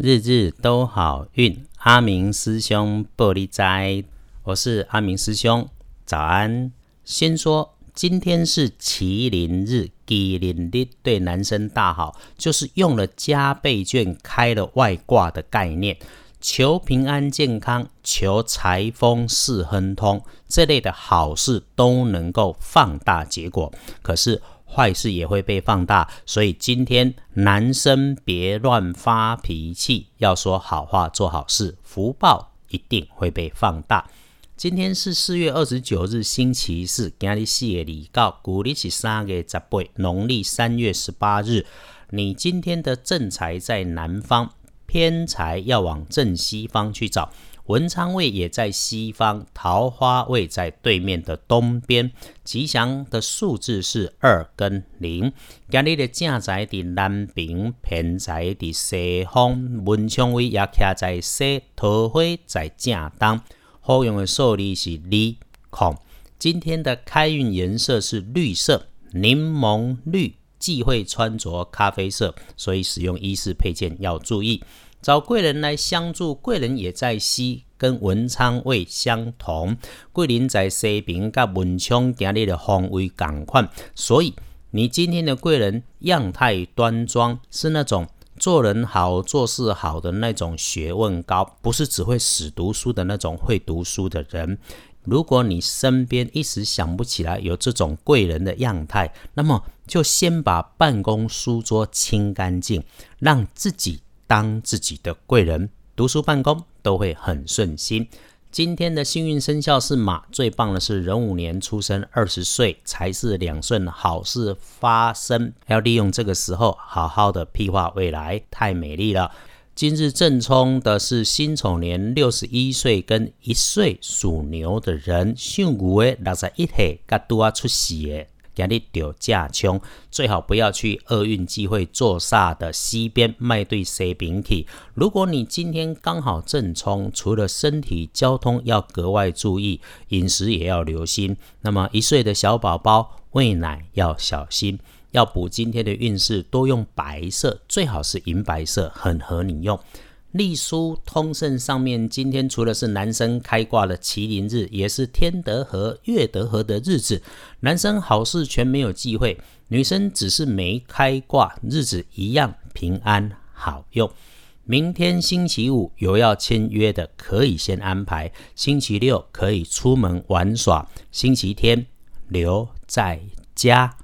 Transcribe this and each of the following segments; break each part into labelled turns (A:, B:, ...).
A: 日日都好運，阿明師兄報你知，我是阿明師兄，早安。先說今天是麒麟日，麒麟日對男生大好，就是用了加倍券開了外掛的概念，求平安健康，求財豐四亨通這類的好事都能夠放大結果，可是，壞事也會被放大，所以今天男生別亂發脾氣，要說好話，做好事，福報一定會被放大。今天是四月二十九日，星期四，今日是李告，古曆是三月十八，農曆三月十八日。你今天的正財在南方，偏財要往正西方去找。文昌位也在西方，桃花位在對面的東邊。吉祥的數字是二跟零。今日的正財在南平，偏財在西方。文昌位也在西，桃花在正東。好用的數字是二、五。今天的開運顏色是綠色，檸檬綠。忌諱穿着咖啡色，所以使用衣飾配件要注意。找貴人來相助，貴人也在西，跟文昌位相同。貴人在西邊，跟文昌今日的方位同款，所以你今天的貴人樣態端莊，是那種做人好、做事好的那種學問高，不是只會死讀書的那種會讀書的人。如果你身邊一時想不起來有這種貴人的樣態，那麼就先把辦公書桌清乾淨，讓自己當自己的貴人，讀書辦公都會很順心。今天的幸運生肖是馬，最棒的是壬午年出生20，二十歲才是兩順，好事發生，要利用這個時候好好的擘劃未來，太美麗了。今日正沖的是辛丑年六十一歲跟一歲屬牛的人，上個月六十一歲甲度啊出血，今你丟加沖，最好不要去厄運聚會坐煞的西邊賣對誰邊體。如果你今天剛好正沖，除了身體、交通要格外注意，飲食也要留心。那麼一歲的小寶寶餵奶要小心。要補今天的運勢，多用白色，最好是銀白色，很合你用。曆書通勝上面，今天除了是男生開掛的麒麟日，也是天德合、月德合的日子。男生好事全沒有忌諱，女生只是沒開掛，日子一樣平安好用。明天星期五有要簽約的，可以先安排。星期六可以出門玩耍，星期天留在家。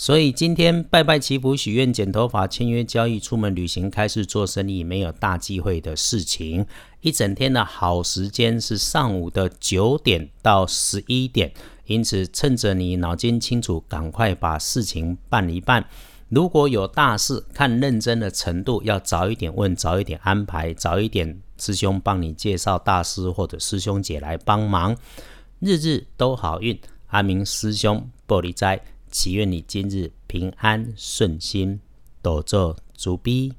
A: 所以今天拜拜祈福、許願、剪頭髮、簽約、交易、出門旅行、開始做生意沒有大忌諱的事情，一整天的好時間是上午的九點到十一點，因此趁着你腦筋清楚，趕快把事情辦一辦。如果有大事，看認真的程度，要早一點問，早一點安排，早一點師兄幫你介紹大師或者師兄姐來幫忙。日日都好運，阿明師兄報你知。祈願你今日平安順心，多做足逼。